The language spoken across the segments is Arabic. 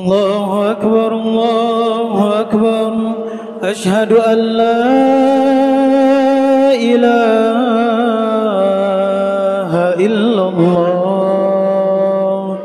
الله أكبر الله أكبر أشهد أن لا إله إلا الله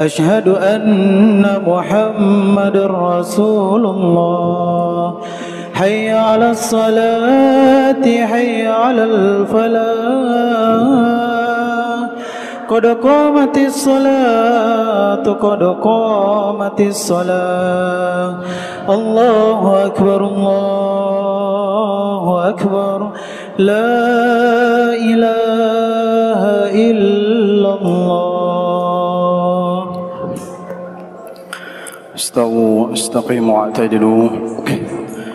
أشهد أن محمد رسول الله حي على الصلاة حي على الفلاح قد قامت الصلاة قد قامت الصلاة الله أكبر الله أكبر لا إله إلا الله استووا استقيموا واعتدلوا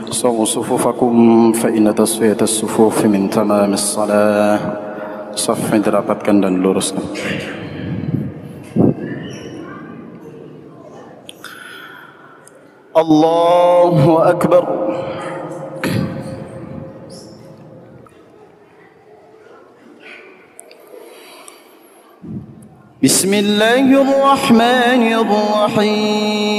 صووا صفوفكم فإن تصفية الصفوف من تمام الصلاة safnya dirapatkan dan luruskan. Allahu Akbar. بسم الله الرحمن الرحيم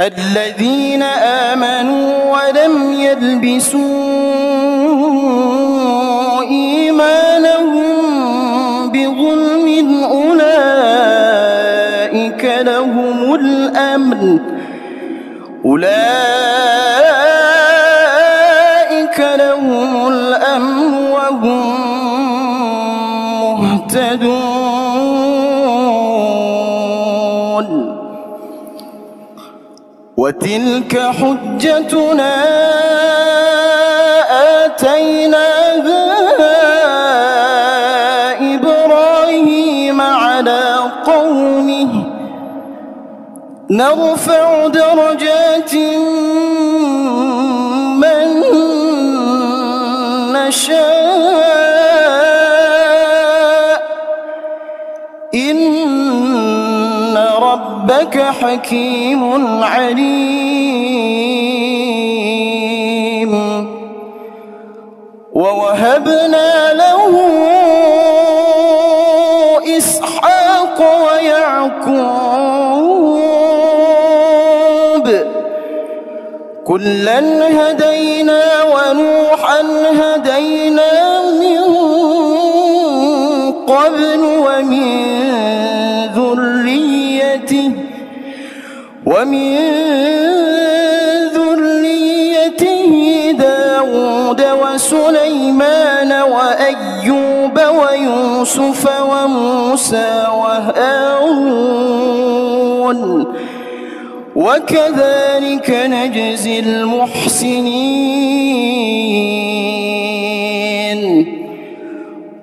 الذين آمنوا ولم يلبسوا إيمانهم بظلم أولئك لهم الأمن أولئك لهم الأمن وهم مهتدون وتلك حجتنا آتيناها إبراهيم على قومه نرفع درجات من إنك حكيم عليم ووهبنا له إسحاق ويعقوب كلا هدينا ونوحا هدينا من قبل ومن ذريته ومن ذريته داود وسليمان وأيوب ويوسف وموسى وهارون وكذلك نجزي المحسنين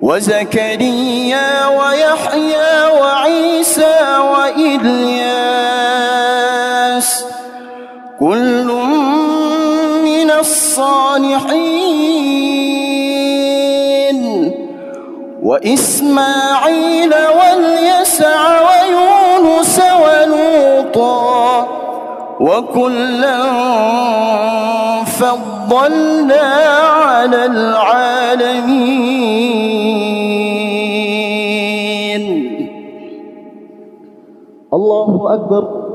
وزكريا ويحيى وعيسى وإدريس وإسماعيل واليسع ويونس ولوطا وكلا فضلنا على العالمين الله أكبر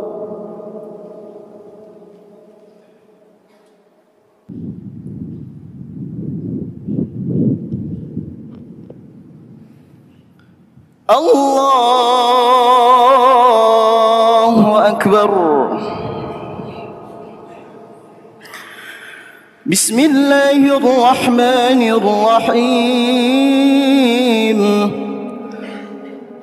الله أكبر بسم الله الرحمن الرحيم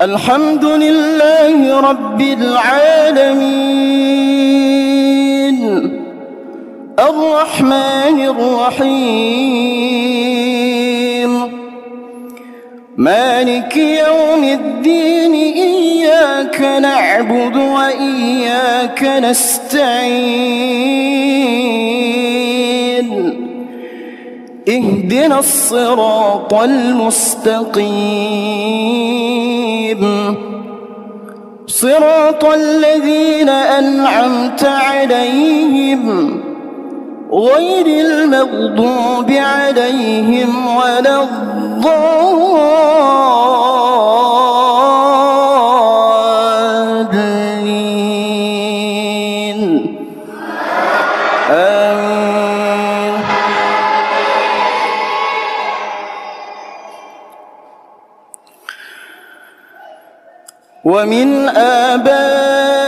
الحمد لله رب العالمين الرحمن الرحيم مالك يوم الدين إياك نعبد وإياك نستعين اهدنا الصراط المستقيم صراط الذين أنعمت عليهم غير المغضوب عليهم ولا الضالين آمين ومن آبائهم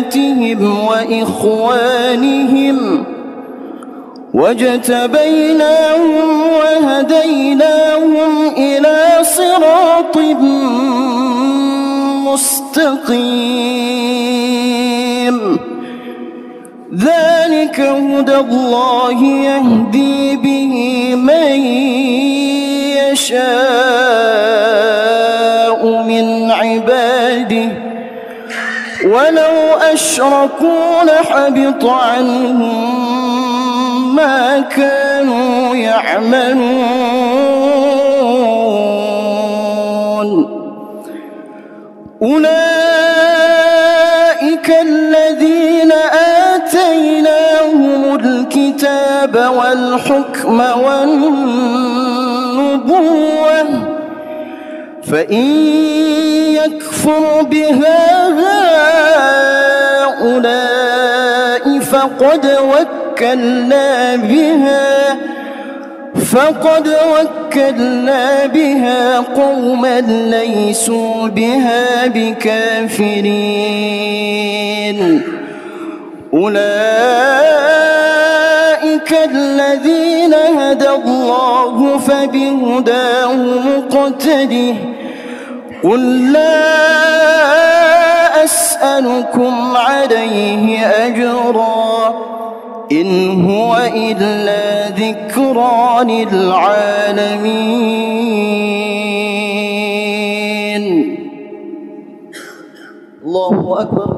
وبناتهم وإخوانهم وجتبيناهم وهديناهم إلى صراط مستقيم ذلك هدى الله يهدي به من يشاء من عباده ولو أشركوا لحبط عنهم ما كانوا يعملون أولئك الذين آتيناهم الكتاب والحكم والنبوة فإن يكفر بها هؤلاء فقد وكلنا بها فقد وكلنا بها قوما ليسوا بها بكافرين أولئك الذين هدى الله فبهداه مقتده قل لا أسألكم عليه أجرا إن هو إلا ذكرى للعالمين الله أكبر